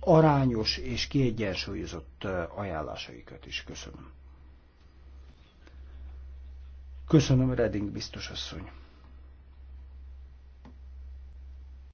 arányos és kiegyensúlyozott ajánlásaikat is. Köszönöm. Köszönöm, Reding biztos asszony.